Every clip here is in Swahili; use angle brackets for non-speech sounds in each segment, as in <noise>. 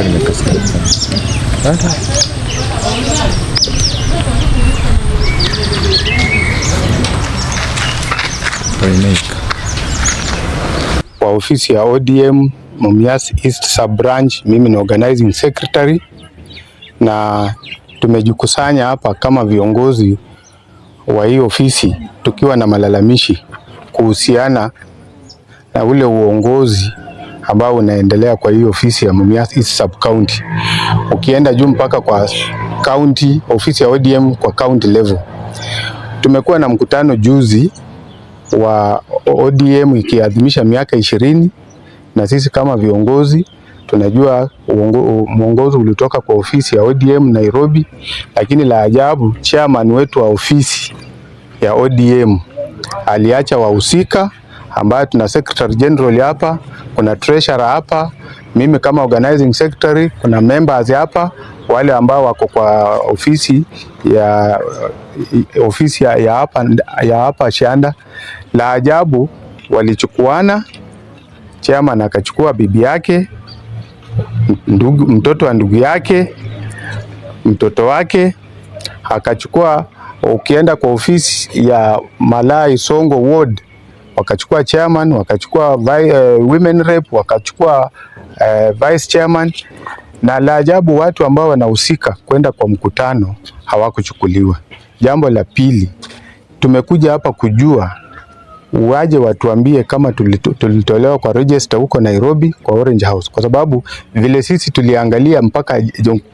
nilikuwa nimekasirika sana. Kwa ofisi ya ODM Mumias East Sub Branch, mimi ni organizing secretary na tumejikusanya hapa kama viongozi wa hii ofisi tukiwa na malalamishi kuhusiana na ule uongozi ambao unaendelea kwa hii ofisi ya Mumias East Sub County, ukienda juu mpaka kwa county, ofisi ya ODM kwa county level. Tumekuwa na mkutano juzi wa ODM ikiadhimisha miaka ishirini na sisi kama viongozi tunajua mwongozo ulitoka kwa ofisi ya ODM Nairobi, lakini la ajabu chairman wetu wa ofisi ya ODM aliacha wahusika ambayo tuna secretary general hapa, kuna treasurer hapa, mimi kama organizing secretary, kuna members hapa, wale ambao wako kwa ofisi ya ofisi ya, hapa ya hapa Shanda. La ajabu walichukuana, chairman akachukua bibi yake, ndugu, mtoto wa ndugu yake, mtoto wake akachukua. Ukienda kwa ofisi ya Malai Songo ward wakachukua chairman, wakachukua vi, uh, women rep, wakachukua uh, vice chairman, na la ajabu watu ambao wanahusika kwenda kwa mkutano hawakuchukuliwa. Jambo la pili, tumekuja hapa kujua waje watuambie kama tulitolewa kwa register huko Nairobi kwa Orange House, kwa sababu vile sisi tuliangalia mpaka,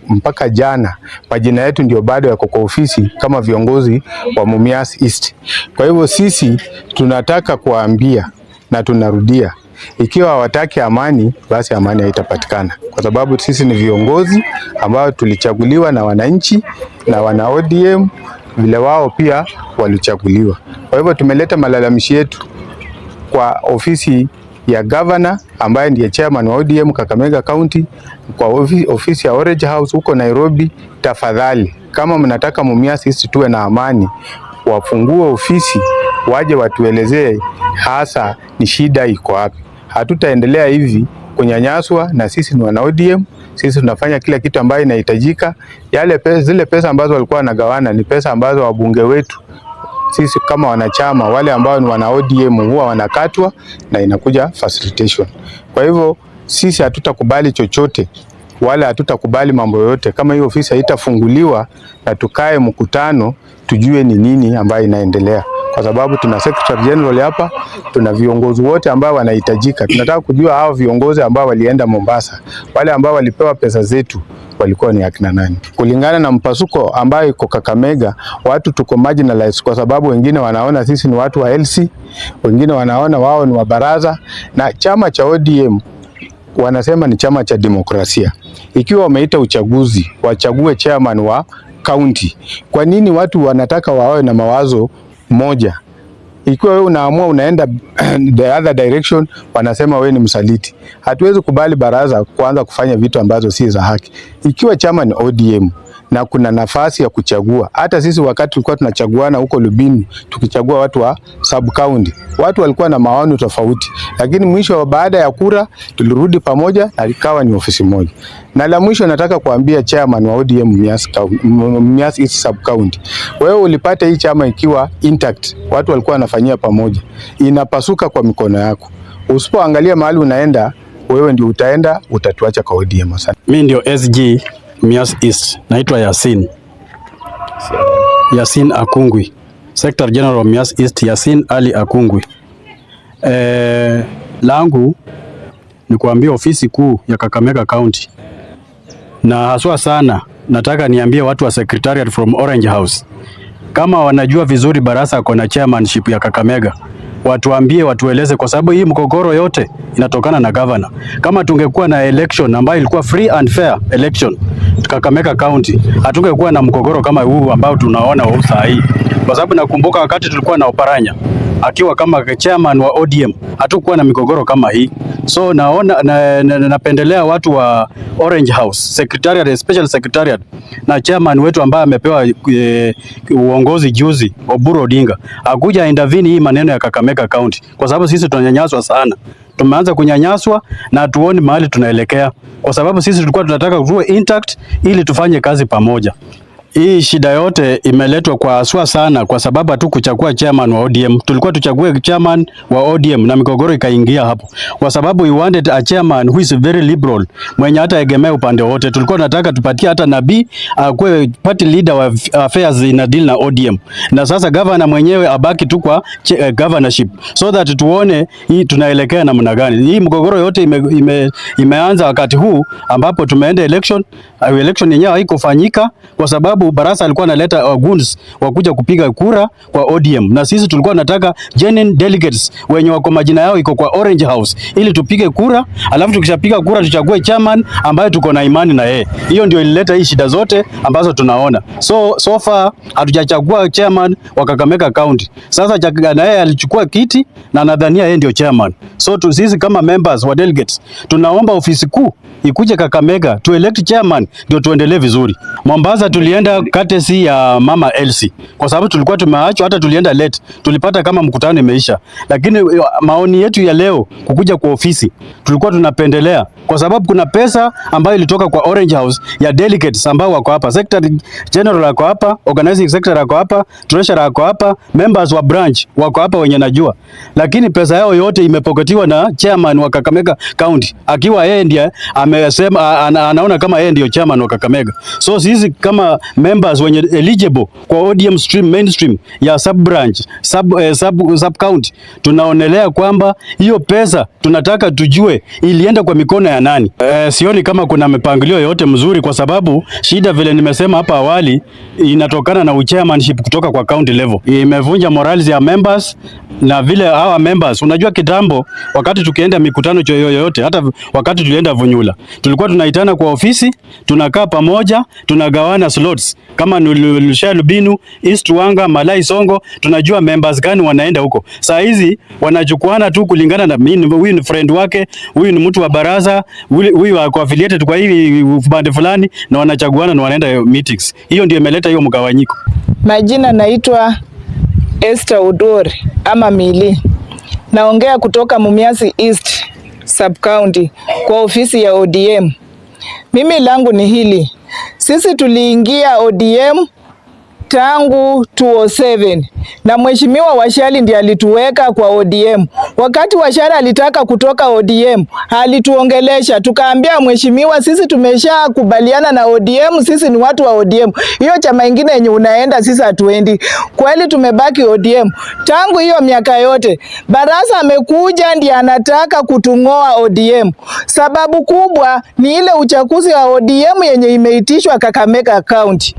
mpaka jana majina yetu ndio bado yako kwa ofisi kama viongozi wa Mumias East. Kwa hivyo sisi tunataka kuambia na tunarudia, ikiwa hawataki amani, basi amani haitapatikana, kwa sababu sisi ni viongozi ambao tulichaguliwa na wananchi na wana ODM vile wao pia walichaguliwa. Kwa hivyo tumeleta malalamishi yetu kwa ofisi ya gavana ambaye ndiye chairman wa ODM Kakamega County, kwa ofisi, ofisi ya Orange House huko Nairobi. Tafadhali, kama mnataka Mumias sisi tuwe na amani, wafungue ofisi waje watuelezee hasa ni shida iko wapi. Hatutaendelea hivi kunyanyaswa, na sisi ni wana ODM. Sisi tunafanya kila kitu ambayo inahitajika. Yale pesa, zile pesa ambazo walikuwa wanagawana ni pesa ambazo wabunge wetu sisi kama wanachama wale ambao ni wana ODM huwa wanakatwa na inakuja facilitation. Kwa hivyo sisi hatutakubali chochote wala hatutakubali mambo yote. Kama hiyo ofisi haitafunguliwa na tukae mkutano, tujue ni nini ambayo inaendelea kwa sababu tuna secretary general hapa, tuna viongozi wote ambao wanahitajika. Tunataka kujua hao viongozi ambao walienda Mombasa, wale ambao walipewa pesa zetu walikuwa ni akina nani, kulingana na mpasuko ambayo iko Kakamega. Watu tuko marginalized kwa sababu wengine wanaona sisi ni watu wa LC, wengine wanaona wao ni wa baraza, na chama cha ODM wanasema ni chama cha demokrasia. Ikiwa wameita uchaguzi, wachague chairman wa kaunti. Kwa nini watu wanataka wawe na mawazo moja. Ikiwa wewe unaamua unaenda <clears throat> the other direction, wanasema wewe ni msaliti. Hatuwezi kubali baraza kuanza kufanya vitu ambazo si za haki. Ikiwa chama ni ODM na kuna nafasi ya kuchagua. Hata sisi wakati tulikuwa tunachaguana huko Lubini, tukichagua watu wa sub county, watu walikuwa na maoni tofauti, lakini mwisho wa baada ya kura tulirudi pamoja na likawa ni ofisi moja. Na la mwisho nataka kuambia chairman wa ODM Mumias East sub county, wewe ulipata hii chama ikiwa intact, watu walikuwa wanafanyia pamoja, inapasuka kwa mikono yako. Usipoangalia mahali unaenda, wewe ndio utaenda, utatuacha kwa ODM. Asante. Mimi ndio SG Mias East. Naitwa Yasin Yasin Akungwi, Secretary General of Mias East, Yasin Ali Akungwi. E, langu ni kuambia ofisi kuu ya Kakamega County na haswa sana nataka niambie watu wa Secretariat from Orange House kama wanajua vizuri Barasa ako na chairmanship ya Kakamega watuambie, watueleze, kwa sababu hii mgogoro yote inatokana na governor. Kama tungekuwa na election ambayo ilikuwa free and fair election Kakamega County, hatungekuwa na mgogoro kama huu ambao tunaona huu saa hii, kwa sababu nakumbuka wakati tulikuwa na Oparanya akiwa kama chairman wa ODM hatukuwa na migogoro kama hii. So naona na, na, na, napendelea watu wa Orange House secretariat, special secretariat na chairman wetu ambaye amepewa e, uongozi juzi Oburu Odinga akuja intervene hii maneno ya Kakamega County, kwa sababu sisi tunanyanyaswa sana tumeanza kunyanyaswa na tuone mahali tunaelekea, kwa sababu sisi tulikuwa tunataka tuwe intact ili tufanye kazi pamoja hii shida yote imeletwa kwa aswa sana kwa sababu tu kuchagua chairman wa ODM. Tulikuwa tuchague chairman wa ODM na migogoro ikaingia hapo, kwa sababu we wanted a chairman who is very liberal, mwenye hata egemea upande wote. Tulikuwa tunataka tupatie hata nabii akuwe party leader wa affairs ina deal na ODM, na sasa governor mwenyewe abaki tu kwa uh, governorship, so that tuone hii tunaelekea namna gani. Hii mgogoro yote ime, ime, imeanza wakati huu ambapo tumeenda election, election yenyewe haikufanyika kwa sababu Ubarasa alikuwa analeta uh, goons wa kuja kupiga kura kwa ODM, na sisi tulikuwa tunataka genuine delegates wenye wako majina yao iko kwa Orange House ili tupige kura, alafu tukishapiga kura tuchague chairman ambaye tuko na imani na yeye. Hiyo ndio ilileta hii shida zote ambazo tunaona. So so far hatujachagua chairman wa Kakamega County. Sasa na yeye alichukua kiti na nadhania yeye ndio chairman. So tu, sisi kama members wa delegates tunaomba ofisi kuu ikuje Kakamega tu elect chairman ndio tuendelee vizuri. Mombasa tulienda katesi ya mama Elsie kwa sababu tulikuwa tumeachwa, hata tulienda late, tulipata kama mkutano imeisha. Lakini eh, maoni yetu ya leo kukuja kwa ofisi tulikuwa tunapendelea, kwa sababu kuna pesa ambayo ilitoka kwa Orange House ya delegates ambao wako hapa, secretary general wako hapa, organizing secretary wako hapa, treasurer wako hapa, members wa branch wako hapa wenye najua, lakini pesa yao yote imepoketiwa na chairman wa Kakamega County akiwa yeye ndiye amesema ana, anaona kama yeye ndio chairman wa Kakamega. So sisi kama members wenye eligible kwa ODM stream mainstream ya sub branch sub, eh, sub, sub county tunaonelea kwamba hiyo pesa tunataka tujue ilienda kwa mikono ya nani. Eh, sioni kama kuna mipangilio yote mzuri, kwa sababu shida vile nimesema hapa awali inatokana na uchairmanship kutoka kwa county level. Imevunja morals ya members na vile hawa members, unajua kitambo wakati tukienda mikutano yoyote, hata wakati tulienda Vunyula tulikuwa tunaitana kwa ofisi, tunakaa pamoja, tunagawana slots kama Lushai Lubinu, East Wanga, Malai Songo, tunajua members gani wanaenda huko. Saa hizi wanachukuana tu kulingana na mimi, huyu ni friend wake, huyu ni mtu wa baraza, huyu ako affiliated kwa hii band fulani, na wanachaguana na wanaenda meetings. Hiyo ndio imeleta hiyo mgawanyiko. Majina naitwa Esther Udori ama Mili, naongea kutoka mumiasi East sub county kwa ofisi ya ODM. Mimi langu ni hili, sisi tuliingia ODM tangu 2007 na mheshimiwa Washali ndiye alituweka kwa ODM. Wakati Washali alitaka kutoka ODM, alituongelesha tukaambia, mheshimiwa, sisi tumeshakubaliana na ODM, sisi ni watu wa ODM. Hiyo chama ingine yenye unaenda sisi hatuendi. Kweli tumebaki ODM tangu hiyo miaka yote. Barasa amekuja ndiye anataka kutung'oa ODM. Sababu kubwa ni ile uchaguzi wa ODM yenye imeitishwa Kakamega County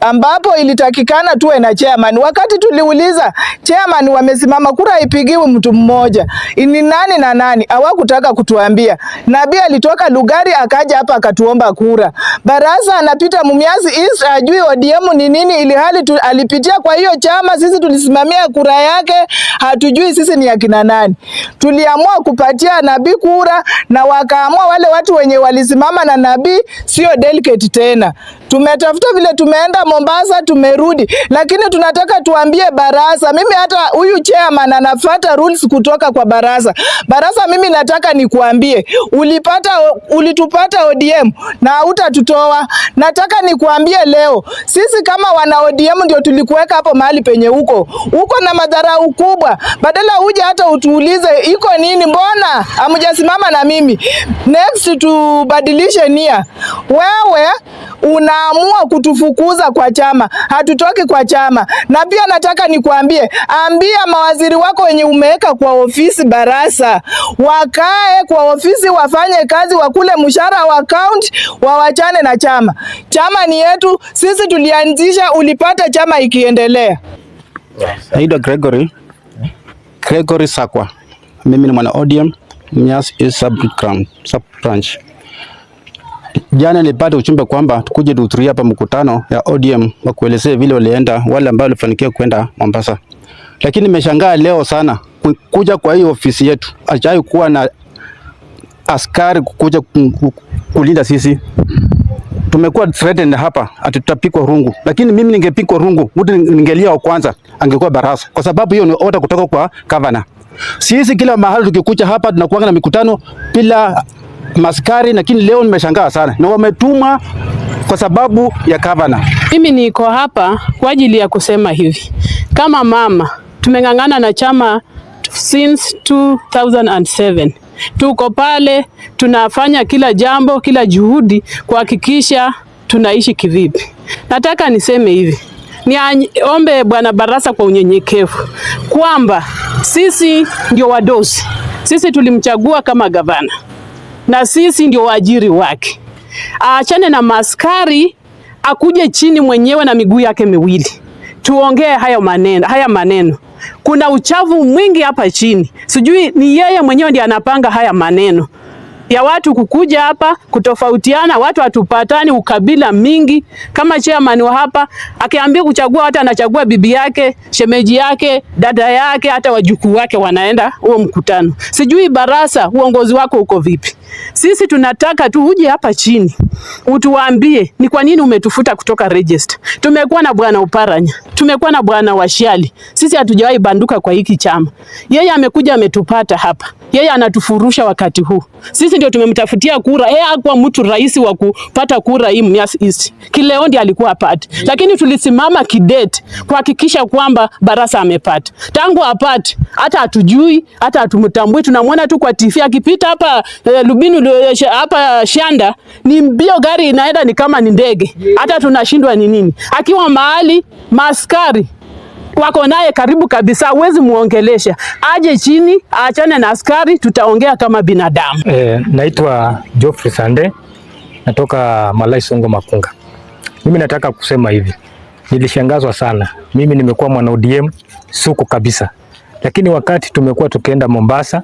ambapo ilitakikana tuwe na chairman. Wakati tuliuliza chairman, wamesimama kura ipigiwe mtu mmoja, ni nani na nani? Hawakutaka kutuambia. Nabii alitoka Lugari akaja hapa akatuomba kura. Barasa anapita Mumias East ajui ODM ni nini, ili hali alipitia kwa hiyo chama. Sisi tulisimamia kura yake, hatujui sisi ni akina nani. Tuliamua kupatia nabii kura na wakaamua wale watu wenye walisimama na nabii sio delicate tena. Tumetafuta vile, tumeenda Mombasa, tumerudi, lakini tunataka tuambie baraza. Mimi hata huyu chairman anafuata rules kutoka kwa baraza. Baraza, mimi nataka nikuambie, ulipata ulitupata ODM na utatutoa Nataka nikuambie leo, sisi kama wana ODM ndio tulikuweka hapo mahali penye huko uko na madhara kubwa, badala uje hata utuulize iko nini, mbona amujasimama na mimi next? Tubadilishe nia wewe unaamua kutufukuza kwa chama, hatutoki kwa chama. Na pia nataka nikuambie, ambia mawaziri wako wenye umeweka kwa ofisi Barasa wakae kwa ofisi, wafanye kazi, wakule mshahara wa kaunti, wawachane na chama. Chama ni yetu sisi, tulianzisha ulipata chama ikiendelea. Naitwa Gregory Gregory Sakwa, mimi ni mwana ODM Mias East sub branch Jana nilipata ujumbe kwamba tukuje tuhudhurie hapa mkutano ya ODM wa kuelezea vile walienda wale ambao walifanikiwa kwenda Mombasa. Lakini nimeshangaa leo sana kuja kwa hii ofisi yetu. Hajai kuwa na askari kukuja kulinda sisi. Tumekuwa threatened hapa ati tutapikwa rungu. Lakini mimi ningepikwa rungu, mtu ningelia wa kwanza angekuwa Barasa. Kwa sababu hiyo ni order kutoka kwa governor. Sisi kila mahali tukikuja hapa tunakuwa na mikutano bila maskari, lakini leo nimeshangaa sana na wametumwa kwa sababu ya gavana. Mimi niko hapa kwa ajili ya kusema hivi, kama mama tumeng'ang'ana na chama since 2007 tuko pale, tunafanya kila jambo, kila juhudi kuhakikisha tunaishi kivipi. Nataka niseme hivi, niombe bwana Barasa kwa unyenyekevu kwamba sisi ndio wadosi, sisi tulimchagua kama gavana na sisi ndio waajiri wake. Aachane na maskari, akuje chini mwenyewe na miguu yake miwili, tuongee haya maneno, haya maneno. Kuna uchafu mwingi hapa chini, sijui ni yeye mwenyewe ndiye anapanga haya maneno ya watu kukuja hapa kutofautiana, watu hatupatani, ukabila mingi. Kama chairman wa hapa akiambia kuchagua, hata anachagua bibi yake, shemeji yake, dada yake, hata wajukuu wake wanaenda huo mkutano. Sijui Barasa, uongozi wako uko vipi? Sisi tunataka tu uje hapa chini utuambie ni kwa nini umetufuta kutoka register. Tumekuwa na bwana Uparanya, tumekuwa na bwana Washali, sisi hatujawahi banduka kwa hiki chama. Yeye amekuja ametupata hapa yeye anatufurusha wakati huu. Sisi ndio tumemtafutia kura. Yeye hakuwa mtu rais wa kupata kura hii Mumias East. Kileondi alikuwa apate. Lakini tulisimama kidete kuhakikisha kwamba Barasa amepata. Tangu apate hata hatujui, hata hatumtambui, tunamwona tu kwa TV akipita hapa eh, Lubinu eh, hapa Shanda, ni mbio gari inaenda ni kama ni ndege. Hata tunashindwa ni nini. Akiwa mahali maskari wako naye karibu kabisa, huwezi muongelesha, aje chini, aachane na askari, tutaongea kama binadamu. E, naitwa Geoffrey Sande, natoka Malai Songo Makunga. Mimi nataka kusema hivi, nilishangazwa sana. Mimi nimekuwa mwana ODM suku kabisa, lakini wakati tumekuwa tukienda Mombasa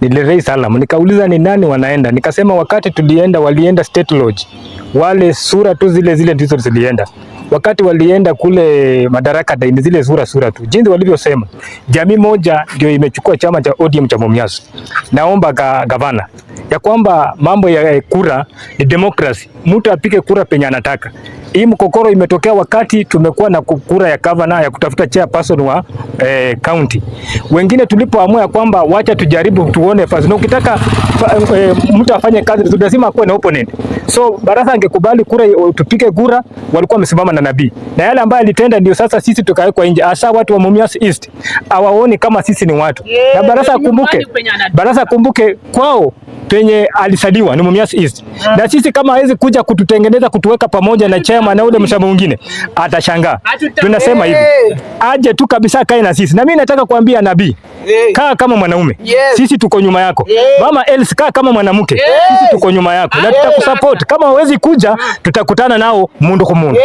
nilirei salam nikauliza ni nani wanaenda, nikasema wakati tulienda walienda State Lodge, wale sura tu zile zile ndizo zilienda wakati walienda kule madaraka ni zile sura sura tu, jinsi walivyosema. Jamii moja ndio imechukua chama cha ODM cha Mumias. Naomba ga, gavana ya kwamba mambo ya kura ni demokrasi, mtu apige kura penye anataka. Hii mkokoro imetokea wakati tumekuwa na kura ya gavana ya kutafuta chairperson wa eh, county. Wengine tulipoamua kwamba wacha tujaribu tuone first. Na ukitaka eh, mtu afanye kazi vizuri lazima akuwe na opponent. So baraza angekubali kura tupige kura, walikuwa wamesimama na nabii. Na yale ambayo alitenda ndio sasa sisi tukawekwa nje. asa watu wa Mumias East hawaoni kama sisi ni watu. Yeah, na baraza kumbuke, baraza kumbuke kwao penye alisaliwa ni Mumias East, na sisi kama hawezi kuja kututengeneza kutuweka pamoja na chama na ule mshamba mwingine atashangaa. Tunasema hivi aje tu kabisa, kae na sisi. Na mimi nataka kuambia nabii, kaa kama mwanaume, sisi tuko nyuma yako. Mama els kaa kama mwanamke, sisi tuko nyuma yako na tutakusupport. Kama hawezi kuja, tutakutana nao mundu kwa mundu.